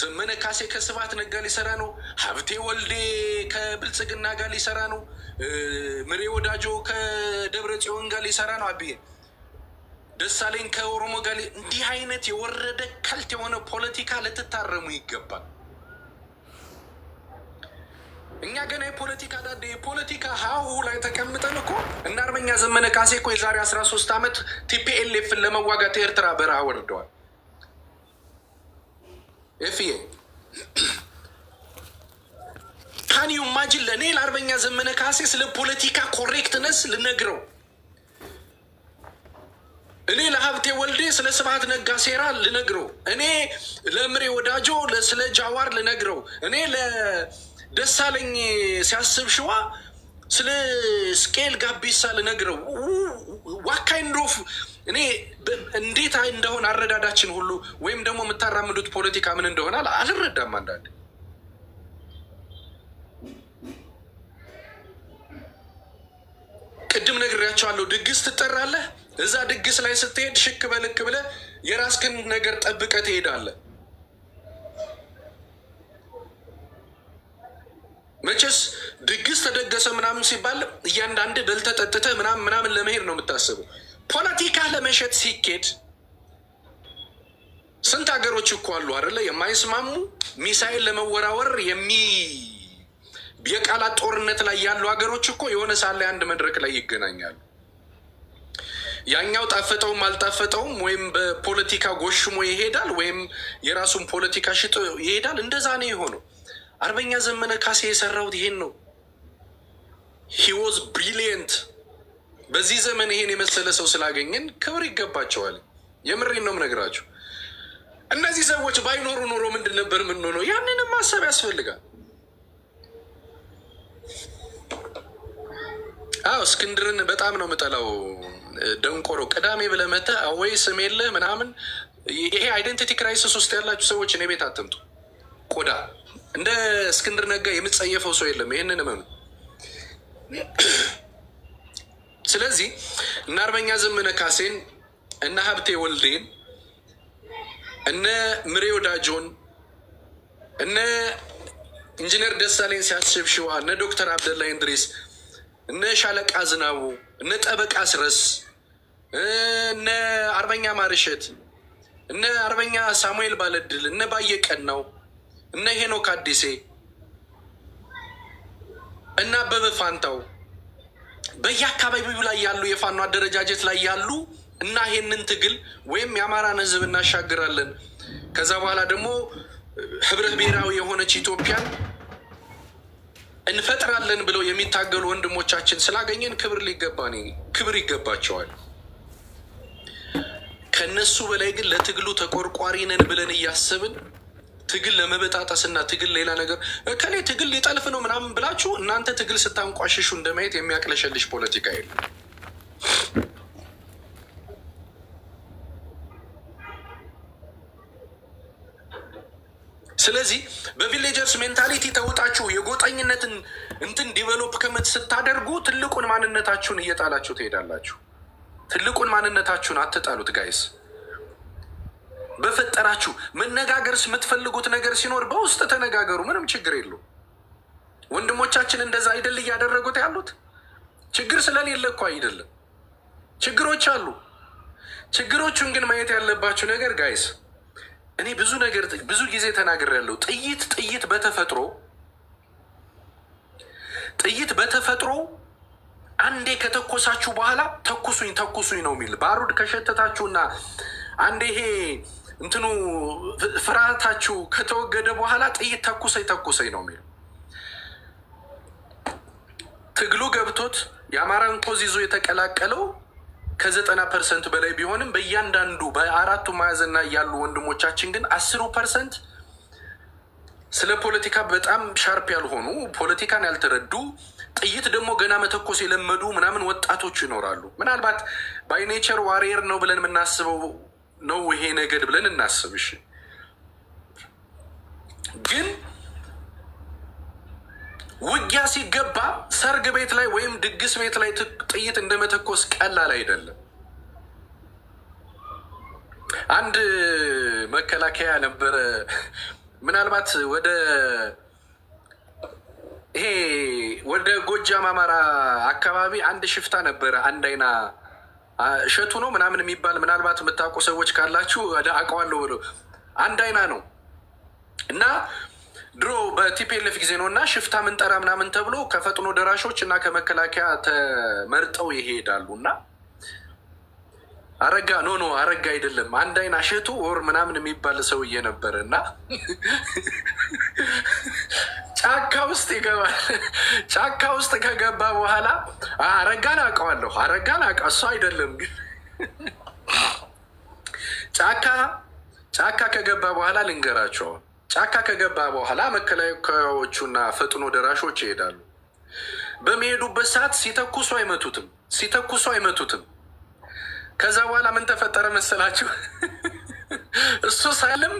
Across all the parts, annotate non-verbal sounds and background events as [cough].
ዘመነ ካሴ ከስብሐት ነጋ ሊሰራ ነው። ሀብቴ ወልዴ ከብልጽግና ጋር ሊሰራ ነው። ምሬ ወዳጆ ከደብረ ጽዮን ጋር ሊሰራ ነው። አብዬ ደሳለኝ ከኦሮሞ ጋር እንዲህ አይነት የወረደ ከልት የሆነ ፖለቲካ ልትታረሙ ይገባል። እኛ ገና የፖለቲካ ዳደ የፖለቲካ ሀሁ ላይ ተቀምጠን እኮ እና አርበኛ ዘመነ ካሴ እኮ የዛሬ አስራ ሶስት ዓመት ቲፒኤልኤፍን ለመዋጋት ኤርትራ በረሃ ወርደዋል። እፍዬ ካን ዩ ማጅን ለእኔ ለአርበኛ ዘመነ ካሴ ስለ ፖለቲካ ኮሬክትነስ ልነግረው እኔ ለሀብቴ ወልዴ ስለ ስብሀት ነጋ ሴራ ልነግረው እኔ ለምሬ ወዳጆ ስለ ጃዋር ልነግረው እኔ ለደሳለኝ ሲያስብ ሽዋ ስለ ስኬል ጋቢሳ ልነግረው ዋካይ እንዶፍ እኔ እንዴት እንደሆን አረዳዳችን ሁሉ ወይም ደግሞ የምታራምዱት ፖለቲካ ምን እንደሆነ አልረዳም። አንዳንድ ቅድም ነግሬያቸዋለሁ። ድግስ ትጠራለህ። እዛ ድግስ ላይ ስትሄድ ሽክ በልክ ብለህ የራስክን ነገር ጠብቀህ ትሄዳለህ። መቼስ ድግስ ተደገሰ ምናምን ሲባል እያንዳንድ በልተጠጥተ ጠጥተህ ምናምን ምናምን ለመሄድ ነው የምታስበው። ፖለቲካ ለመሸጥ ሲኬድ ስንት ሀገሮች እኮ አሉ የማይስማሙ ሚሳይል ለመወራወር የሚ የቃላት ጦርነት ላይ ያሉ ሀገሮች እኮ የሆነ ሰዓት ላይ አንድ መድረክ ላይ ይገናኛሉ። ያኛው ጣፈጠውም አልጣፈጠውም ወይም በፖለቲካ ጎሽሞ ይሄዳል ወይም የራሱን ፖለቲካ ሽጦ ይሄዳል። እንደዛ ነው የሆነው። አርበኛ ዘመነ ካሴ የሰራሁት ይሄን ነው። ሂወዝ ብሪሊየንት። በዚህ ዘመን ይሄን የመሰለ ሰው ስላገኘን ክብር ይገባቸዋል። የምሬን ነው የምነግራቸው። እነዚህ ሰዎች ባይኖሩ ኖሮ ምንድን ነበር የምንሆነው? ያንንም ማሰብ ያስፈልጋል። አዎ እስክንድርን በጣም ነው የምጠላው። ደንቆሮ ቅዳሜ ብለህ መተህ አወይ ስም የለ ምናምን። ይሄ አይደንቲቲ ክራይሲስ ውስጥ ያላችሁ ሰዎች እኔ ቤት አትምጡ። ቆዳ እንደ እስክንድር ነጋ የምትጸየፈው ሰው የለም። ይህንን መኑ። ስለዚህ እነ አርበኛ ዘመነ ካሴን እነ ሀብቴ ወልዴን እነ ምሬ ወዳጆን እነ ኢንጂነር ደሳለኝ ሲያስብ ሽዋ እነ ዶክተር አብደላ እንድሪስ እነ ሻለቃ ዝናቡ እነ ጠበቃ ስረስ እነ አርበኛ ማርሸት እነ አርበኛ ሳሙኤል ባለድል እነ ባየቀን ነው እነ ሄኖክ አዲሴ እና አበበ ፋንታው በየአካባቢው ላይ ያሉ የፋኖ አደረጃጀት ላይ ያሉ እና ይሄንን ትግል ወይም የአማራን ህዝብ እናሻግራለን ከዛ በኋላ ደግሞ ህብረ ብሔራዊ የሆነች ኢትዮጵያን እንፈጥራለን ብለው የሚታገሉ ወንድሞቻችን ስላገኘን ክብር ሊገባ ክብር ይገባቸዋል። ከነሱ በላይ ግን ለትግሉ ተቆርቋሪ ነን ብለን እያሰብን ትግል ለመበጣጠስና ትግል ሌላ ነገር ከኔ ትግል ሊጠልፍ ነው ምናምን ብላችሁ እናንተ ትግል ስታንቋሽሹ እንደማየት የሚያቅለሸልሽ ፖለቲካ የለም። ስለዚህ በቪሌጀርስ ሜንታሊቲ ተውጣችሁ የጎጠኝነትን እንትን ዲቨሎፕ ከመት ስታደርጉ ትልቁን ማንነታችሁን እየጣላችሁ ትሄዳላችሁ። ትልቁን ማንነታችሁን አትጣሉት ጋይስ። በፈጠራችሁ መነጋገርስ የምትፈልጉት ነገር ሲኖር በውስጥ ተነጋገሩ። ምንም ችግር የለው። ወንድሞቻችን እንደዛ አይደል እያደረጉት ያሉት? ችግር ስለሌለ እኮ አይደለም። ችግሮች አሉ። ችግሮቹን ግን ማየት ያለባችሁ ነገር ጋይስ፣ እኔ ብዙ ነገር ብዙ ጊዜ ተናግሬያለሁ። ጥይት ጥይት በተፈጥሮ ጥይት በተፈጥሮ አንዴ ከተኮሳችሁ በኋላ ተኩሱኝ ተኩሱኝ ነው የሚል ባሩድ ከሸተታችሁና አንዴ ይሄ እንትኑ ፍርሃታችሁ ከተወገደ በኋላ ጥይት ተኩሰኝ ተኩሰኝ ነው የሚለው። ትግሉ ገብቶት የአማራን ኮዝ ይዞ የተቀላቀለው ከዘጠና ፐርሰንት በላይ ቢሆንም በእያንዳንዱ በአራቱ ማዕዘና ያሉ ወንድሞቻችን ግን አስሩ ፐርሰንት ስለ ፖለቲካ በጣም ሻርፕ ያልሆኑ ፖለቲካን ያልተረዱ ጥይት ደግሞ ገና መተኮስ የለመዱ ምናምን ወጣቶች ይኖራሉ። ምናልባት ባይኔቸር ዋሪየር ነው ብለን የምናስበው ነው ይሄ ነገድ ብለን እናስብሽ። ግን ውጊያ ሲገባ ሰርግ ቤት ላይ ወይም ድግስ ቤት ላይ ጥይት እንደመተኮስ ቀላል አይደለም። አንድ መከላከያ ነበረ። ምናልባት ወደ ይሄ ወደ ጎጃም አማራ አካባቢ አንድ ሽፍታ ነበረ አንድ አይና እሸቱ ነው ምናምን የሚባል ምናልባት የምታውቁ ሰዎች ካላችሁ አውቀዋለሁ ብሎ አንድ አይና ነው እና ድሮ በቲፒኤልኤፍ ጊዜ ነው እና ሽፍታ ምንጠራ ምናምን ተብሎ ከፈጥኖ ደራሾች እና ከመከላከያ ተመርጠው ይሄዳሉ እና አረጋ ኖ ኖ አረጋ አይደለም፣ አንድ አይና እሸቱ ወር ምናምን የሚባል ሰውዬ ነበረ እና ጫካ ውስጥ ይገባል። [laughs] ጫካ ውስጥ ከገባ በኋላ አረጋን አውቀዋለሁ። አረጋን አውቃ እሱ አይደለም ግን [laughs] ጫካ ጫካ ከገባ በኋላ ልንገራቸው። ጫካ ከገባ በኋላ መከላከያዎቹና ፈጥኖ ደራሾች ይሄዳሉ። በሚሄዱበት ሰዓት ሲተኩሱ አይመቱትም፣ ሲተኩሱ አይመቱትም። ከዛ በኋላ ምን ተፈጠረ መሰላችሁ? [laughs] እሱ ሳልም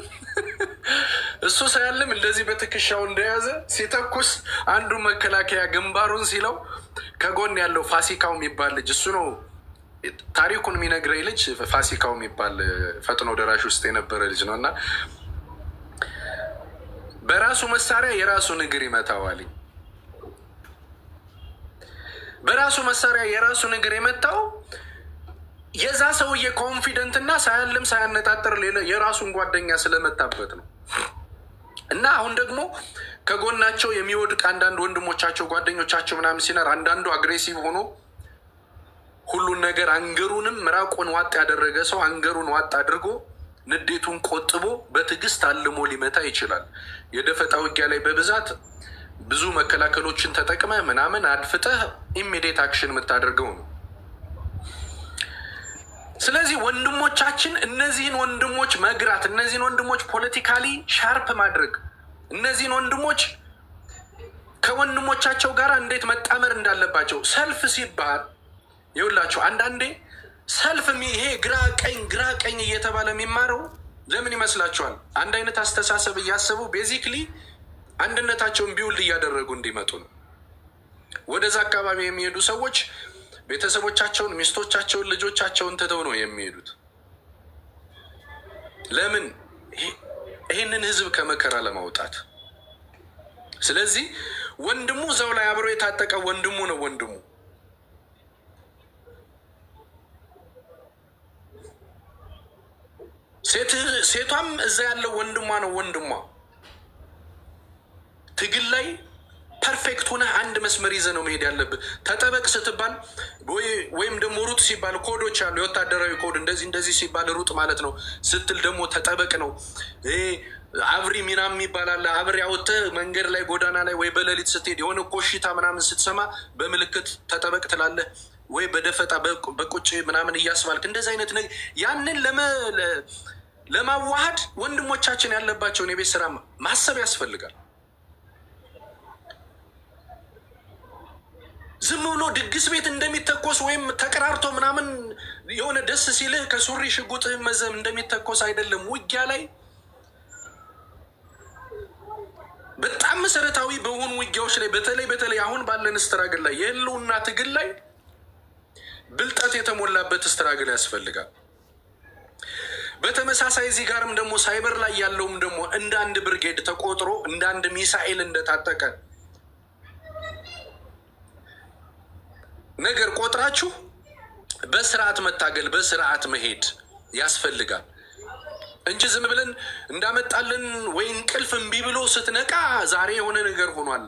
እሱ ሳያልም እንደዚህ በትከሻው እንደያዘ ሲተኩስ አንዱ መከላከያ ግንባሩን ሲለው ከጎን ያለው ፋሲካው የሚባል ልጅ እሱ ነው ታሪኩን የሚነግረኝ ልጅ ፋሲካው የሚባል ፈጥኖ ደራሽ ውስጥ የነበረ ልጅ ነው እና በራሱ መሳሪያ የራሱን እግር ይመታዋል። በራሱ መሳሪያ የራሱን እግር የመታው የዛ ሰውዬ እና ሳያልም ሳያነጣጠር የራሱን ጓደኛ ስለመታበት ነው። እና አሁን ደግሞ ከጎናቸው የሚወድቅ አንዳንድ ወንድሞቻቸው ጓደኞቻቸው ምናምን ሲነር አንዳንዱ አግሬሲቭ ሆኖ ሁሉን ነገር አንገሩንም ምራቁን ዋጥ ያደረገ ሰው አንገሩን ዋጥ አድርጎ ንዴቱን ቆጥቦ በትዕግስት አልሞ ሊመታ ይችላል። የደፈጣ ውጊያ ላይ በብዛት ብዙ መከላከሎችን ተጠቅመ ምናምን አድፍጠህ ኢሚዲየት አክሽን የምታደርገው ነው። ስለዚህ ወንድሞቻችን እነዚህን ወንድሞች መግራት፣ እነዚህን ወንድሞች ፖለቲካሊ ሻርፕ ማድረግ፣ እነዚህን ወንድሞች ከወንድሞቻቸው ጋር እንዴት መጣመር እንዳለባቸው ሰልፍ ሲባል ይውላቸው አንዳንዴ ሰልፍ ይሄ ግራ ቀኝ ግራ ቀኝ እየተባለ የሚማረው ለምን ይመስላችኋል? አንድ አይነት አስተሳሰብ እያሰቡ ቤዚክሊ አንድነታቸውን ቢውል እያደረጉ እንዲመጡ ነው። ወደዛ አካባቢ የሚሄዱ ሰዎች ቤተሰቦቻቸውን፣ ሚስቶቻቸውን፣ ልጆቻቸውን ትተው ነው የሚሄዱት። ለምን? ይህንን ህዝብ ከመከራ ለማውጣት። ስለዚህ ወንድሙ ዘው ላይ አብሮ የታጠቀ ወንድሙ ነው ወንድሙ ሴቷም እዛ ያለው ወንድሟ ነው ወንድሟ ትግል ላይ ፐርፌክት ሆነ አንድ መስመር ይዘ ነው መሄድ ያለብህ። ተጠበቅ ስትባል ወይም ደግሞ ሩጥ ሲባል ኮዶች አሉ። የወታደራዊ ኮድ እንደዚህ እንደዚህ ሲባል ሩጥ ማለት ነው ስትል ደግሞ ተጠበቅ ነው። አብሪ ሚናም ይባላል። አብሪ አውጥተህ መንገድ ላይ ጎዳና ላይ ወይ በሌሊት ስትሄድ የሆነ ኮሽታ ምናምን ስትሰማ በምልክት ተጠበቅ ትላለህ ወይ በደፈጣ በቁጭ ምናምን እያስባልክ እንደዚህ አይነት ነገር ያንን ለማዋሃድ ወንድሞቻችን ያለባቸውን የቤት ስራ ማሰብ ያስፈልጋል። ዝም ብሎ ድግስ ቤት እንደሚተኮስ ወይም ተቀራርቶ ምናምን የሆነ ደስ ሲልህ ከሱሪ ሽጉጥህ መዘም እንደሚተኮስ አይደለም። ውጊያ ላይ በጣም መሰረታዊ በሆኑ ውጊያዎች ላይ በተለይ በተለይ አሁን ባለን ስትራግል ላይ የህልውና ትግል ላይ ብልጠት የተሞላበት ስትራግል ያስፈልጋል። በተመሳሳይ እዚህ ጋርም ደግሞ ሳይበር ላይ ያለውም ደግሞ እንደ አንድ ብርጌድ ተቆጥሮ እንደ አንድ ሚሳኤል እንደታጠቀ ነገር ቆጥራችሁ በስርዓት መታገል በስርዓት መሄድ ያስፈልጋል እንጂ ዝም ብለን እንዳመጣልን ወይ እንቅልፍ እምቢ ብሎ ስትነቃ ዛሬ የሆነ ነገር ሆኗል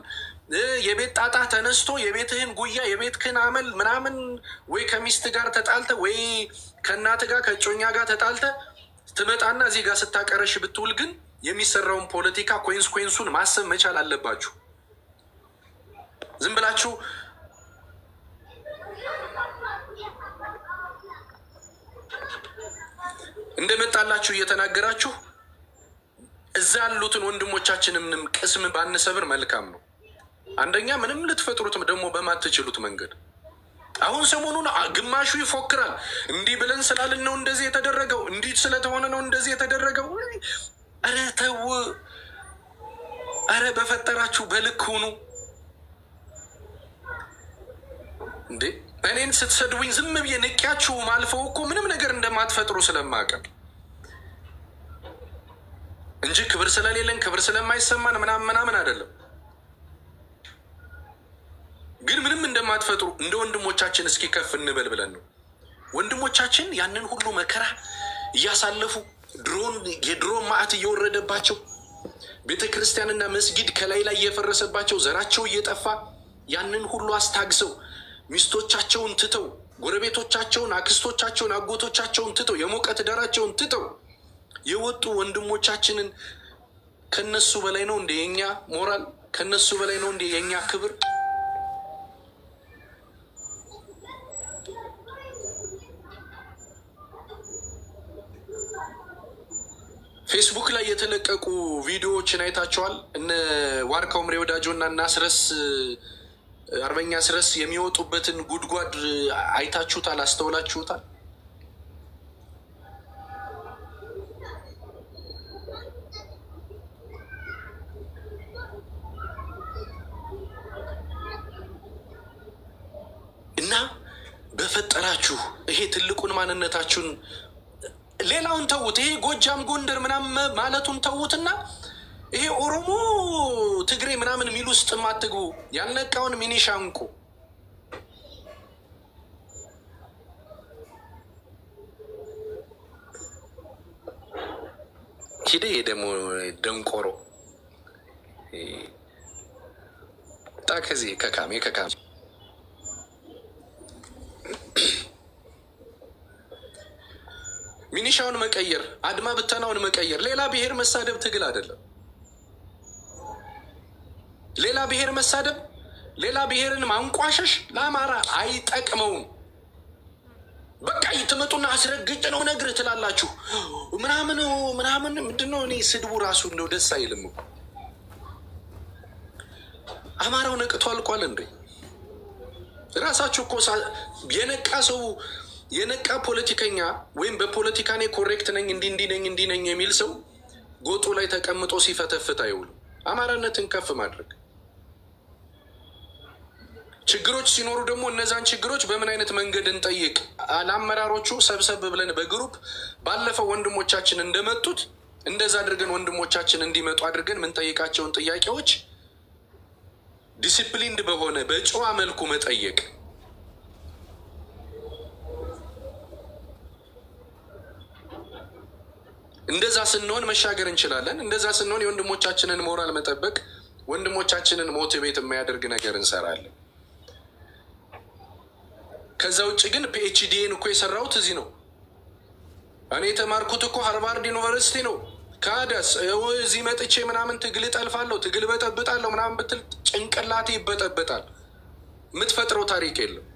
የቤት ጣጣ ተነስቶ የቤትህን ጉያ የቤትህን አመል ምናምን ወይ ከሚስት ጋር ተጣልተ ወይ ከእናት ጋር ከጮኛ ጋር ተጣልተ ትመጣና እዚህ ጋር ስታቀረሽ ብትውል ግን የሚሰራውን ፖለቲካ ኮንስኮንሱን ማሰብ መቻል አለባችሁ። ዝም ብላችሁ እንደመጣላችሁ እየተናገራችሁ እዛ ያሉትን ወንድሞቻችንንም ቅስም ባንሰብር መልካም ነው። አንደኛ ምንም ልትፈጥሩትም ደግሞ በማትችሉት መንገድ አሁን ሰሞኑን ግማሹ ይፎክራል። እንዲህ ብለን ስላልን ነው እንደዚህ የተደረገው፣ እንዲህ ስለተሆነ ነው እንደዚህ የተደረገው። ኧረ ተው፣ ኧረ በፈጠራችሁ በልክ ሁኑ። እንዴ እኔን ስትሰድቡኝ ዝም ብዬ ንቄያችሁ ማልፈው እኮ ምንም ነገር እንደማትፈጥሩ ስለማቀም እንጂ ክብር ስለሌለን ክብር ስለማይሰማን ምናምን ምናምን አይደለም። ግን ምንም እንደማትፈጥሩ እንደ ወንድሞቻችን እስኪ ከፍ እንበል ብለን ነው። ወንድሞቻችን ያንን ሁሉ መከራ እያሳለፉ ድሮን የድሮ ማዕት እየወረደባቸው ቤተ ክርስቲያንና መስጊድ ከላይ ላይ እየፈረሰባቸው ዘራቸው እየጠፋ ያንን ሁሉ አስታግሰው ሚስቶቻቸውን ትተው ጎረቤቶቻቸውን፣ አክስቶቻቸውን፣ አጎቶቻቸውን ትተው የሞቀ ትዳራቸውን ትተው የወጡ ወንድሞቻችንን ከነሱ በላይ ነው እንደ የኛ ሞራል ከነሱ በላይ ነው እንደ የኛ ክብር። ፌስቡክ ላይ የተለቀቁ ቪዲዮዎችን አይታቸዋል እነ ዋርካው ምሬ ወዳጆ እና እናስረስ አርበኛ ስረስ የሚወጡበትን ጉድጓድ አይታችሁታል? አስተውላችሁታል? እና በፈጠራችሁ ይሄ ትልቁን ማንነታችሁን ሌላውን ተዉት። ይሄ ጎጃም፣ ጎንደር ምናምን ማለቱን ተዉትና ይሄ ኦሮሞ ትግሬ ምናምን የሚል ውስጥ ማትግቡ ያልነቃውን ሚኒሻ እንቁ ሂደ ደግሞ ደንቆሮ ጣ ከዚህ ከካሜ ከካሜ ሚኒሻውን መቀየር፣ አድማ ብተናውን መቀየር፣ ሌላ ብሔር መሳደብ ትግል አይደለም። ሌላ ብሔር መሳደብ፣ ሌላ ብሔርን ማንቋሸሽ ለአማራ አይጠቅመውም። በቃ ትመጡና አስረግጭ ነው ነግር ትላላችሁ ምናምን ምናምን ምንድነው? እኔ ስድቡ ራሱ እንደው ደስ አይልም። አማራው ነቅቶ አልቋል እንዴ? ራሳችሁ እኮ የነቃ ሰው የነቃ ፖለቲከኛ ወይም በፖለቲካ እኔ ኮሬክት ነኝ እንዲህ እንዲህ ነኝ እንዲህ ነኝ የሚል ሰው ጎጡ ላይ ተቀምጦ ሲፈተፍት አይውሉ አማራነትን ከፍ ማድረግ ችግሮች ሲኖሩ ደግሞ እነዛን ችግሮች በምን አይነት መንገድ እንጠይቅ? ለአመራሮቹ ሰብሰብ ብለን በግሩፕ ባለፈው ወንድሞቻችን እንደመጡት እንደዛ አድርገን ወንድሞቻችን እንዲመጡ አድርገን የምንጠይቃቸውን ጥያቄዎች ዲሲፕሊንድ በሆነ በጨዋ መልኩ መጠየቅ እንደዛ ስንሆን መሻገር እንችላለን። እንደዛ ስንሆን የወንድሞቻችንን ሞራል መጠበቅ፣ ወንድሞቻችንን ሞቲቬት የሚያደርግ ነገር እንሰራለን። ከዛ ውጭ ግን ፒኤችዲን እኮ የሰራሁት እዚህ ነው። እኔ የተማርኩት እኮ ሃርቫርድ ዩኒቨርሲቲ ነው። ከአዳስ እዚህ መጥቼ ምናምን ትግል እጠልፋለሁ፣ ትግል በጠብጣለሁ ምናምን ብትል ጭንቅላቴ ይበጠበጣል። የምትፈጥረው ታሪክ የለም።